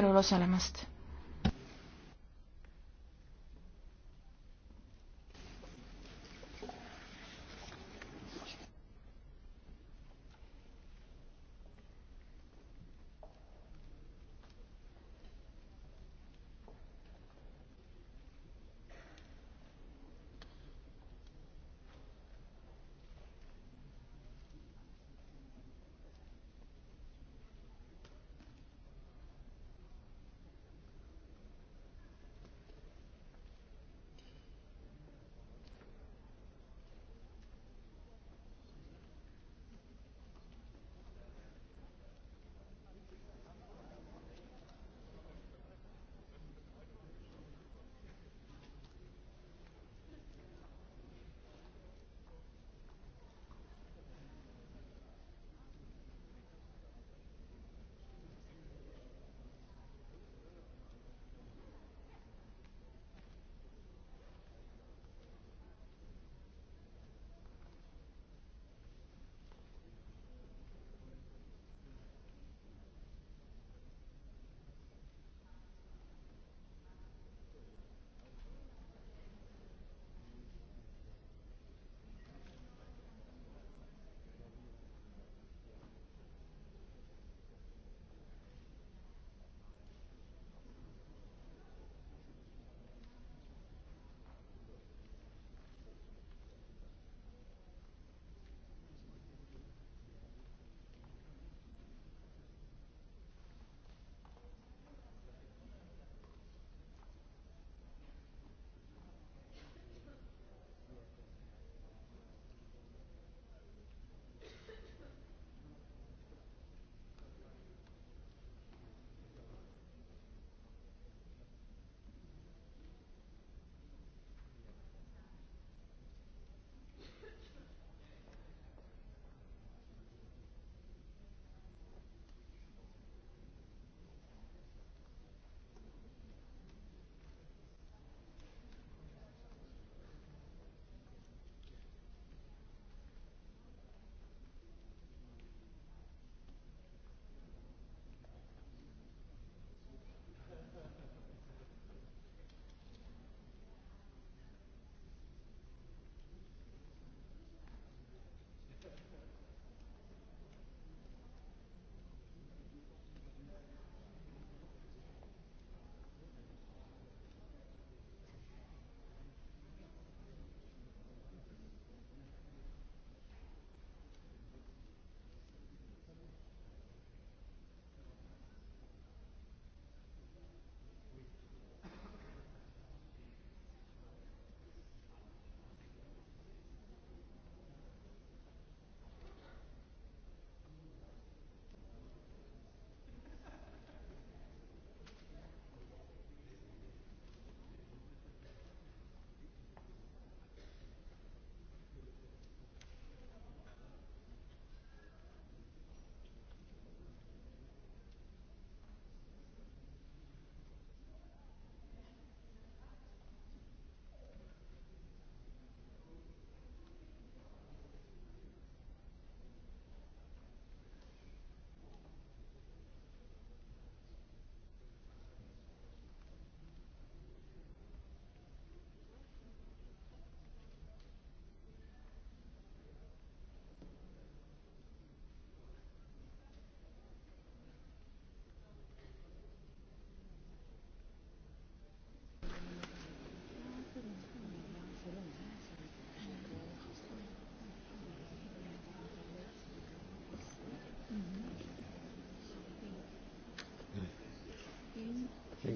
arutelul osalemast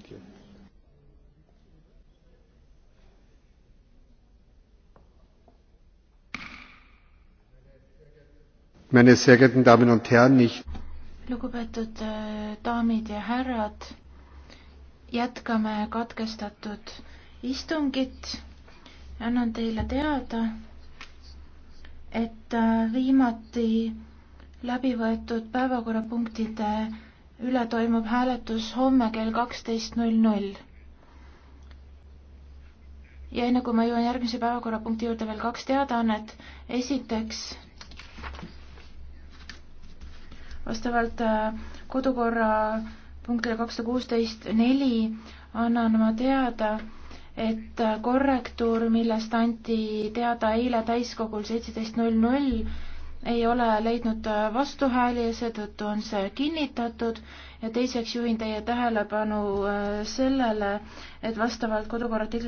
Thank you. Meine sehr geehrten Damen und Herren, ich lugupeetud äh, daamid ja härrad, jätkame katkestatud istungit. annan teile teada, et äh, viimati läbi võetud päevakorrapunktide üle toimub hääletus homme kell kaksteist null null. ja enne kui ma jõuan järgmise päevakorrapunkti juurde veel kaks teadaannet. esiteks vastavalt äh, kodukorra punktile kakssada kuusteist neli annan ma teada, et äh, korrektuur, millest anti teada eile täiskogul seitseteist null null, ei ole leidnud äh, vastuhääli ja seetõttu on see kinnitatud ja teiseks juhin teie tähelepanu äh, sellele, et vastavalt kodukorra artikli